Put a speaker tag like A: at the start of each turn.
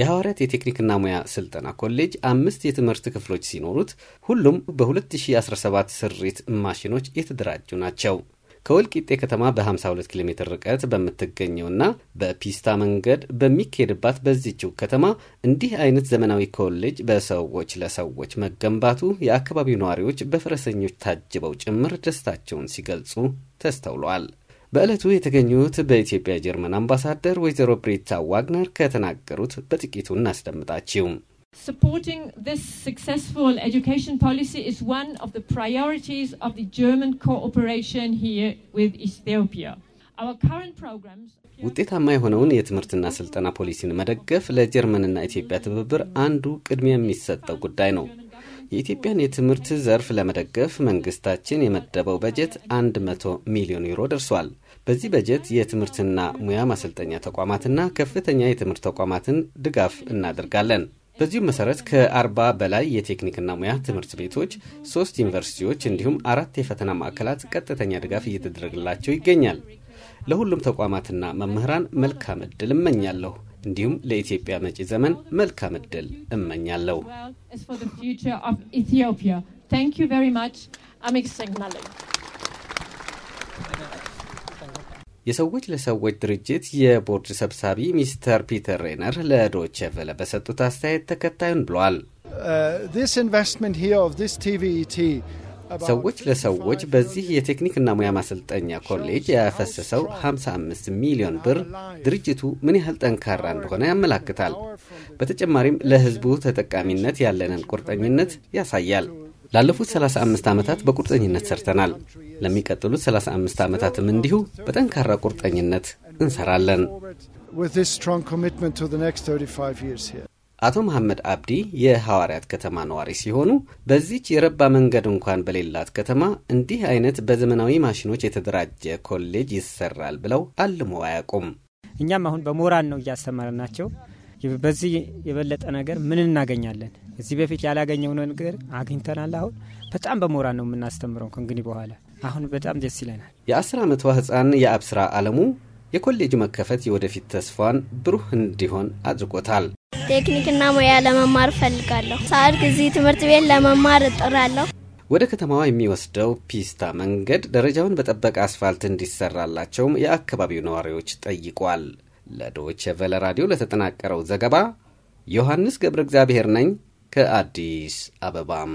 A: የሐዋርያት የቴክኒክና ሙያ ስልጠና ኮሌጅ አምስት የትምህርት ክፍሎች ሲኖሩት ሁሉም በ2017 ስሪት ማሽኖች የተደራጁ ናቸው። ከወልቂጤ ከተማ በ52 ኪሎ ሜትር ርቀት በምትገኘውና በፒስታ መንገድ በሚካሄድባት በዚችው ከተማ እንዲህ አይነት ዘመናዊ ኮሌጅ በሰዎች ለሰዎች መገንባቱ የአካባቢው ነዋሪዎች በፈረሰኞች ታጅበው ጭምር ደስታቸውን ሲገልጹ ተስተውሏል። በዕለቱ የተገኙት በኢትዮጵያ ጀርመን አምባሳደር ወይዘሮ ብሪታ ዋግነር ከተናገሩት በጥቂቱ እናስደምጣችው። Supporting this successful education policy is one of the priorities of the German cooperation here with Ethiopia. ውጤታማ የሆነውን የትምህርትና ስልጠና ፖሊሲን መደገፍ ለጀርመንና ኢትዮጵያ ትብብር አንዱ ቅድሚያ የሚሰጠው ጉዳይ ነው። የኢትዮጵያን የትምህርት ዘርፍ ለመደገፍ መንግስታችን የመደበው በጀት 100 ሚሊዮን ዩሮ ደርሷል። በዚህ በጀት የትምህርትና ሙያ ማሰልጠኛ ተቋማትና ከፍተኛ የትምህርት ተቋማትን ድጋፍ እናደርጋለን። በዚሁም መሰረት ከ40 በላይ የቴክኒክና ሙያ ትምህርት ቤቶች፣ ሶስት ዩኒቨርሲቲዎች እንዲሁም አራት የፈተና ማዕከላት ቀጥተኛ ድጋፍ እየተደረገላቸው ይገኛል። ለሁሉም ተቋማትና መምህራን መልካም ዕድል እመኛለሁ። እንዲሁም ለኢትዮጵያ መጪ ዘመን መልካም እድል እመኛለሁ። የሰዎች ለሰዎች ድርጅት የቦርድ ሰብሳቢ ሚስተር ፒተር ሬነር ለዶቼ ቬለ በሰጡት አስተያየት ተከታዩን ብሏል። uh, ሰዎች ለሰዎች በዚህ የቴክኒክና ሙያ ማሰልጠኛ ኮሌጅ ያፈሰሰው 55 ሚሊዮን ብር ድርጅቱ ምን ያህል ጠንካራ እንደሆነ ያመላክታል። በተጨማሪም ለሕዝቡ ተጠቃሚነት ያለንን ቁርጠኝነት ያሳያል። ላለፉት 35 ዓመታት በቁርጠኝነት ሰርተናል። ለሚቀጥሉት 35 ዓመታትም እንዲሁ በጠንካራ ቁርጠኝነት እንሰራለን። አቶ መሐመድ አብዲ የሐዋርያት ከተማ ነዋሪ ሲሆኑ በዚች የረባ መንገድ እንኳን በሌላት ከተማ እንዲህ አይነት በዘመናዊ ማሽኖች የተደራጀ ኮሌጅ ይሰራል ብለው አልሞ አያውቁም። እኛም አሁን በሞራል ነው እያስተማርን ናቸው። በዚህ የበለጠ ነገር ምን እናገኛለን? እዚህ በፊት ያላገኘው ነገር አግኝተናል። አሁን በጣም በሞራል ነው የምናስተምረው ከእንግዲህ በኋላ። አሁን በጣም ደስ ይለናል። የአስር ዓመቷ ህፃን የአብስራ አለሙ የኮሌጁ መከፈት የወደፊት ተስፋዋን ብሩህ እንዲሆን አድርጎታል። ቴክኒክና ሙያ ለመማር እፈልጋለሁ። ሳድግ እዚህ ትምህርት ቤት ለመማር እጥራለሁ። ወደ ከተማዋ የሚወስደው ፒስታ መንገድ ደረጃውን በጠበቀ አስፋልት እንዲሰራላቸውም የአካባቢው ነዋሪዎች ጠይቋል። ለዶች ቨለ ራዲዮ ለተጠናቀረው ዘገባ ዮሐንስ ገብረ እግዚአብሔር ነኝ ከአዲስ አበባም